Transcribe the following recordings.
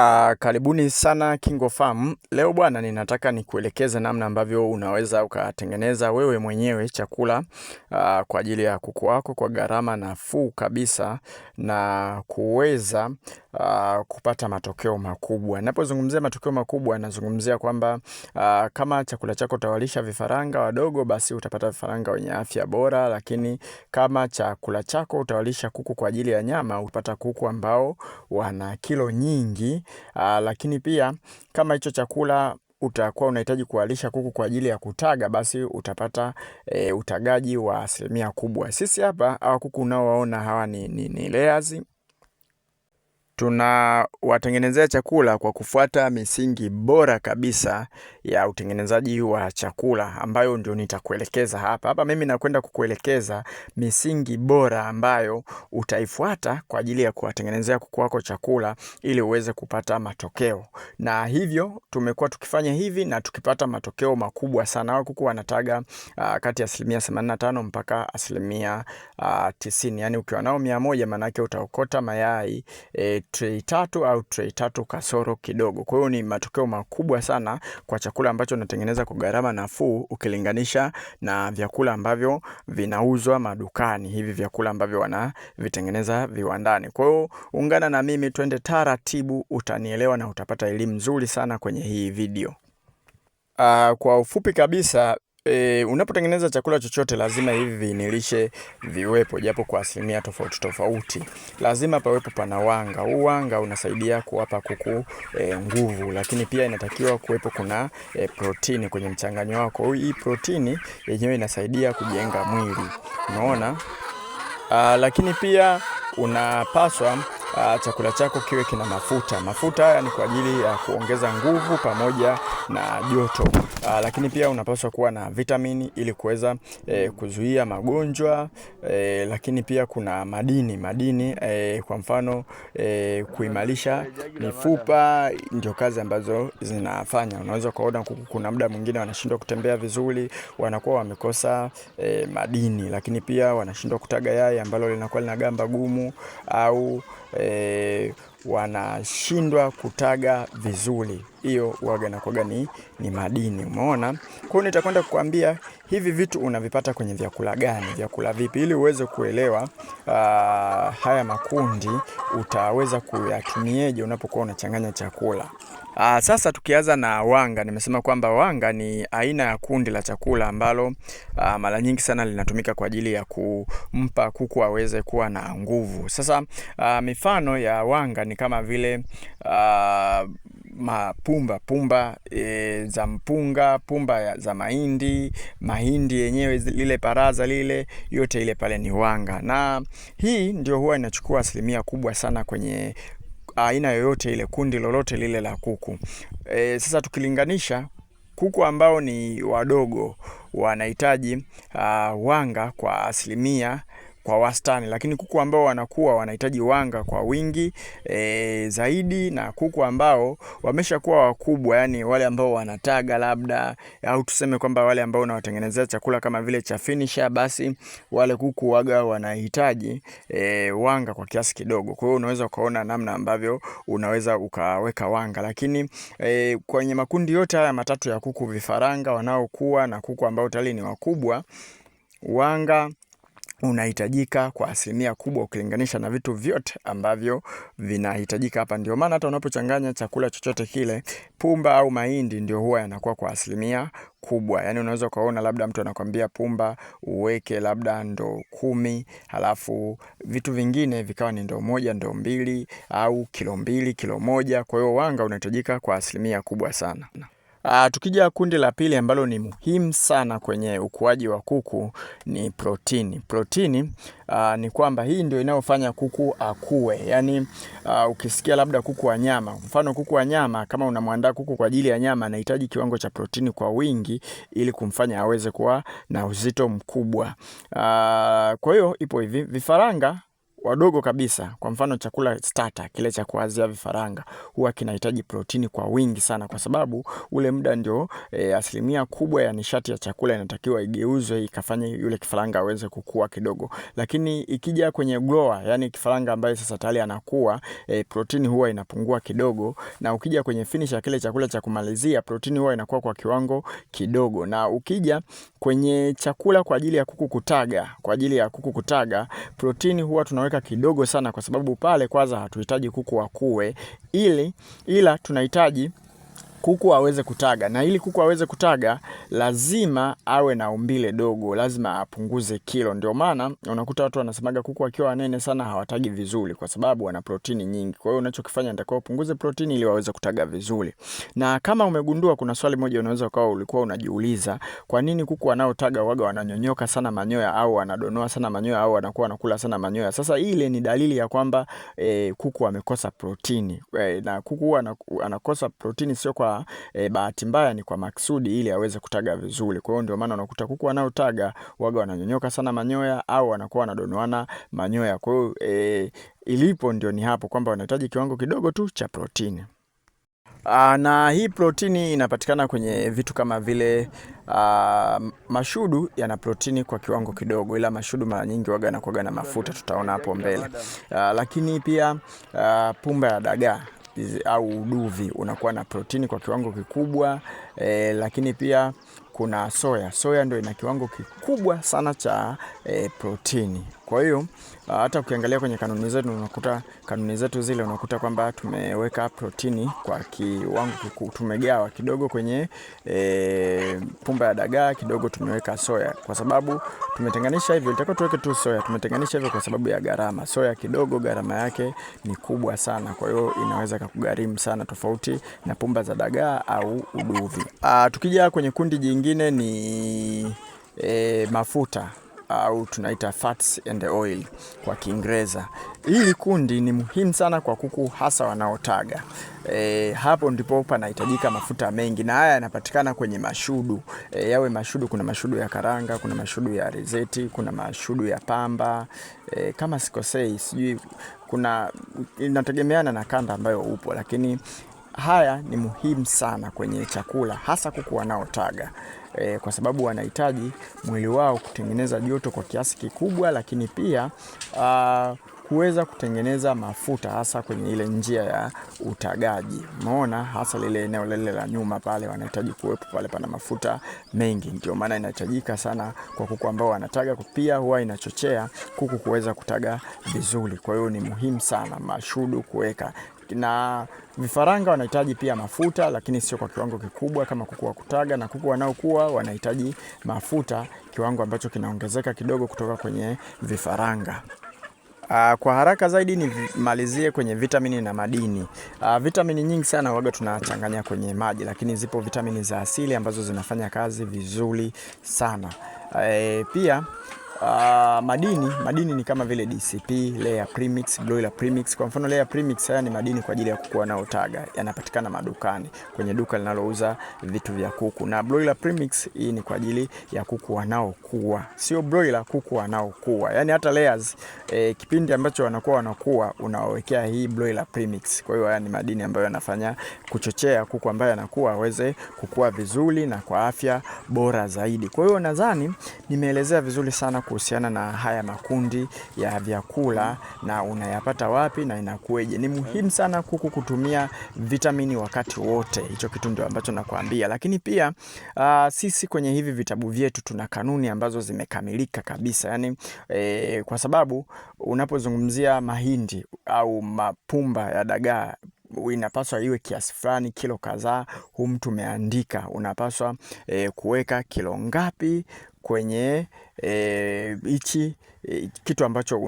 Uh, karibuni sana KingoFarm. Leo bwana, ninataka nikuelekeze namna ambavyo unaweza ukatengeneza wewe mwenyewe chakula uh, kwa ajili ya kuku wako kwa gharama nafuu kabisa na kuweza uh, kupata matokeo makubwa. Ninapozungumzia matokeo makubwa, nazungumzia kwamba uh, kama chakula chako utawalisha vifaranga wadogo, basi utapata vifaranga wenye afya bora, lakini kama chakula chako utawalisha kuku kwa ajili ya nyama, utapata kuku ambao wana kilo nyingi Ah, lakini pia kama hicho chakula utakuwa unahitaji kuwalisha kuku kwa ajili ya kutaga basi utapata eh, utagaji wa asilimia kubwa. Sisi hapa hawa kuku unaowaona hawa ni layers tunawatengenezea chakula kwa kufuata misingi bora kabisa ya utengenezaji wa chakula ambayo ndio nitakuelekeza hapa. Hapa mimi nakwenda kukuelekeza misingi bora ambayo utaifuata kwa ajili ya kuwatengenezea kuku wako chakula ili uweze kupata matokeo. Na hivyo tumekuwa tukifanya hivi na tukipata matokeo makubwa sana. Wa kuku wanataga uh, kati ya asilimia 85 mpaka asilimia uh, ah, 90. Yaani ukiwa nao 100 maana yake utaokota mayai eh, trei tatu au trei tatu kasoro kidogo. Kwa hiyo ni matokeo makubwa sana kwa chakula ambacho unatengeneza kwa gharama nafuu ukilinganisha na vyakula ambavyo vinauzwa madukani, hivi vyakula ambavyo wanavitengeneza viwandani. Kwa hiyo ungana na mimi twende taratibu, utanielewa na utapata elimu nzuri sana kwenye hii video. Uh, kwa ufupi kabisa E, unapotengeneza chakula chochote lazima hivi viinilishe viwepo, japo kwa asilimia tofauti tofauti. Lazima pawepo pana wanga. Huu wanga unasaidia kuwapa kuku e, nguvu, lakini pia inatakiwa kuwepo kuna e, protini kwenye mchanganyo wako. Hii protini yenyewe inasaidia kujenga mwili, unaona. Ah, lakini pia unapaswa Uh, chakula chako kiwe kina mafuta. Mafuta haya ni kwa ajili ya kuongeza nguvu pamoja na joto. Uh, lakini pia unapaswa kuwa na vitamini ili kuweza eh, kuzuia magonjwa eh, lakini pia kuna madini madini eh, kwa mfano eh, kuimarisha mifupa ndio kazi ambazo zinafanya. Unaweza kuona kuna muda mwingine wanashindwa kutembea vizuri, wanakuwa wamekosa eh, madini, lakini pia wanashindwa kutaga yai ambalo linakuwa lina gamba gumu au eh, wanashindwa kutaga vizuri. Hiyo waga na ni, ni madini umeona. Kwa hiyo nitakwenda kukuambia hivi vitu unavipata kwenye vyakula gani, vyakula vipi, ili uweze kuelewa uh, haya makundi utaweza kuyatumieje unapokuwa unachanganya chakula. Aa, ah, sasa tukianza na wanga, nimesema kwamba wanga ni aina ya kundi la chakula ambalo ah, mara nyingi sana linatumika kwa ajili ya kumpa kuku aweze kuwa na nguvu. Sasa aa, ah, mifano ya wanga ni kama vile aa, mapumba pumba e, za mpunga, pumba za mahindi, mahindi yenyewe lile paraza lile, yote ile pale ni wanga, na hii ndio huwa inachukua asilimia kubwa sana kwenye aina yoyote ile, kundi lolote lile la kuku. E, sasa tukilinganisha kuku ambao ni wadogo wanahitaji uh, wanga kwa asilimia kwa wastani, lakini kuku ambao wanakuwa wanahitaji wanga kwa wingi e, zaidi na kuku ambao wameshakuwa wakubwa, yani wale ambao wanataga labda, au tuseme kwamba wale ambao unawatengenezea chakula kama vile cha finisher, basi wale kuku waga wanahitaji e, wanga kwa kiasi kidogo. Kwa hiyo unaweza ukaona namna ambavyo unaweza ukaweka wanga, lakini e, kwenye makundi yote haya matatu ya kuku, vifaranga wanaokuwa na kuku ambao tayari ni wakubwa, wanga unahitajika kwa asilimia kubwa ukilinganisha na vitu vyote ambavyo vinahitajika hapa. Ndio maana hata unapochanganya chakula chochote kile, pumba au mahindi ndio huwa yanakuwa kwa asilimia kubwa. yani unaweza ukaona labda mtu anakwambia pumba uweke labda ndo kumi, halafu vitu vingine vikawa ni ndo moja, ndo mbili au kilo mbili, kilo moja. Kwa hiyo wanga unahitajika kwa asilimia kubwa sana. Uh, tukija kundi la pili ambalo ni muhimu sana kwenye ukuaji wa kuku ni protini. Protini uh, ni kwamba hii ndio inayofanya kuku akue. Yaani uh, ukisikia labda kuku wa nyama, mfano kuku wa nyama kama unamwandaa kuku kwa ajili ya nyama anahitaji kiwango cha protini kwa wingi ili kumfanya aweze kuwa na uzito mkubwa. Uh, kwa hiyo ipo hivi vifaranga wadogo kabisa, kwa mfano chakula starter kile cha kuanzia vifaranga huwa kinahitaji protini kwa wingi sana, kwa sababu ule muda ndio e, asilimia kubwa ya nishati ya chakula inatakiwa igeuzwe ikafanye yule kifaranga aweze kukua kidogo. Lakini ikija kwenye grower, yani kifaranga ambaye sasa tayari anakua, e, protini huwa inapungua kidogo, na ukija kwenye finish ya kile chakula cha kumalizia, protini huwa inakuwa kwa kiwango kidogo, na ukija kwenye chakula kwa ajili ya kuku kutaga, kwa ajili ya kuku kutaga, protini huwa tunaweka tunaweka kidogo sana, kwa sababu pale kwanza hatuhitaji kuku wakue, ili ila tunahitaji kuku aweze kutaga, na ili kuku aweze kutaga lazima awe na umbile dogo, lazima apunguze kilo. Ndio maana unakuta watu wanasemaga kuku akiwa wanene sana hawatagi vizuri, kwa sababu wana protini nyingi. Kwa hiyo unachokifanya ndio upunguze protini ili waweze kutaga vizuri. Na kama umegundua, kuna swali moja unaweza ukawa ulikuwa unajiuliza, kwa nini kuku wanaotaga waga wananyonyoka sana manyoya au wanadonoa sana manyoya au wanakuwa wanakula sana manyoya? Sasa ile ni dalili ya kwamba e, kuku amekosa protini e, na kuku anakosa protini sio kwa kutoa e, eh, bahati mbaya ni kwa maksudi ili aweze kutaga vizuri. Kwa hiyo ndio maana unakuta kuku wanaotaga waga wananyonyoka sana manyoya au wanakuwa wanadonoana manyoya. Kwa hiyo e, ilipo ndio ni hapo kwamba wanahitaji kiwango kidogo tu cha protini. Aa, ah, na hii protini inapatikana kwenye vitu kama vile aa, ah, mashudu yana protini kwa kiwango kidogo, ila mashudu mara nyingi waga na kuaga na mafuta, tutaona hapo mbele. Aa, ah, lakini pia aa, pumba ya dagaa au uduvi unakuwa na protini kwa kiwango kikubwa e, lakini pia kuna soya. Soya ndio ina kiwango kikubwa sana cha e, protini. Kwa hiyo hata ukiangalia kwenye kanuni zetu unakuta kanuni zetu zile unakuta kwamba tumeweka protini kwa kiwango kikubwa, tumegawa kidogo kwenye e, pumba ya dagaa kidogo tumeweka soya, kwa sababu tumetenganisha hivyo. Itakuwa tuweke tu soya, tumetenganisha hivyo kwa sababu ya gharama. Soya kidogo gharama yake ni kubwa sana, kwa hiyo inaweza kukugharimu sana, tofauti na pumba za dagaa au uduvi. Ah, tukija kwenye kundi jingine nyingine ni e, mafuta au tunaita fats and oil kwa Kiingereza. Hili kundi ni muhimu sana kwa kuku hasa wanaotaga. E, hapo ndipo panahitajika mafuta mengi na haya yanapatikana kwenye mashudu. E, yawe mashudu, kuna mashudu ya karanga, kuna mashudu ya rezeti, kuna mashudu ya pamba. E, kama sikosei sijui kuna inategemeana na kanda ambayo upo lakini Haya ni muhimu sana kwenye chakula, hasa kuku wanaotaga e, kwa sababu wanahitaji mwili wao kutengeneza joto kwa kiasi kikubwa, lakini pia uh, kuweza kutengeneza mafuta hasa kwenye ile njia ya utagaji. Umeona, hasa lile eneo lile la nyuma pale wanahitaji kuwepo pale, pana mafuta mengi, ndio maana inahitajika sana kwa kuku ambao wanataga. Pia huwa inachochea kuku kuweza kutaga vizuri, kwa hiyo ni muhimu sana mashudu kuweka na vifaranga wanahitaji pia mafuta, lakini sio kwa kiwango kikubwa kama kuku wa kutaga, na kuku wanaokuwa wanahitaji mafuta, kiwango ambacho kinaongezeka kidogo kutoka kwenye vifaranga. Ah, kwa haraka zaidi nimalizie kwenye vitamini na madini. Ah, vitamini nyingi sana waga tunachanganya kwenye maji, lakini zipo vitamini za asili ambazo zinafanya kazi vizuri sana. E, pia Uh, madini madini ni kama vile DCP, layer premix, broiler premix. Kwa mfano layer premix, haya ni madini kwa ajili ya kuku wanaotaga, yanapatikana madukani kwenye duka linalouza vitu vya kuku, na broiler premix hii ni kwa ajili ya kuku wanaokuwa, sio broiler, kuku wanaokuwa. Yani hata layers eh, kipindi ambacho wanakuwa wanakuwa unawawekea hii broiler premix. Kwa hiyo haya ni madini ambayo yanafanya kuchochea kuku ambaye anakuwa aweze kukua vizuri na kwa afya bora zaidi. Kwa hiyo nadhani nimeelezea vizuri sana kuhusiana na haya makundi ya vyakula na unayapata wapi na inakueje. Ni muhimu sana kuku kutumia vitamini wakati wote, hicho kitu ndio ambacho nakwambia. Lakini pia uh, sisi kwenye hivi vitabu vyetu tuna kanuni ambazo zimekamilika kabisa, yani eh, kwa sababu unapozungumzia mahindi au mapumba ya dagaa inapaswa iwe kiasi fulani, kilo kadhaa. mtu umeandika unapaswa e, kuweka kilo ngapi kwenye Eh, hichi e, kitu ambacho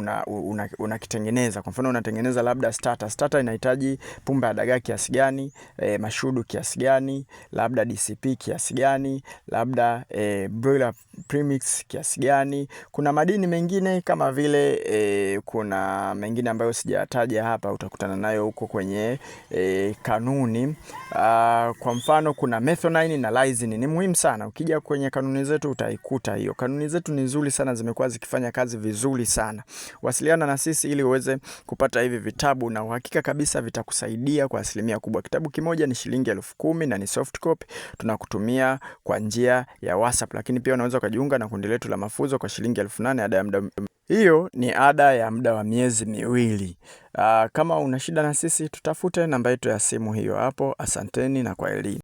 unakitengeneza una, una kwa mfano unatengeneza labda starter. Starter inahitaji pumba ya dagaa kiasi gani, e, mashudu kiasi gani, labda DCP kiasi gani, labda e, broiler premix kiasi gani. Kuna madini mengine kama vile e, kuna mengine ambayo sijataja hapa, utakutana nayo huko kwenye e, kanuni. a, ah, kwa mfano kuna methionine na lysine ni muhimu sana, ukija kwenye kanuni zetu utaikuta hiyo. Kanuni zetu ni ni nzuri sana, zimekuwa zikifanya kazi vizuri sana. Wasiliana na sisi ili uweze kupata hivi vitabu na uhakika kabisa vitakusaidia kwa asilimia kubwa. Kitabu kimoja ni shilingi elfu kumi na ni soft copy, tunakutumia kwa njia ya WhatsApp, lakini pia unaweza ukajiunga na kundi letu la mafunzo kwa shilingi elfu nane ada ya muda hiyo ni ada ya muda wa miezi miwili. Aa, ah, kama una shida na sisi tutafute namba yetu ya simu hiyo hapo. Asanteni na kwa elimu.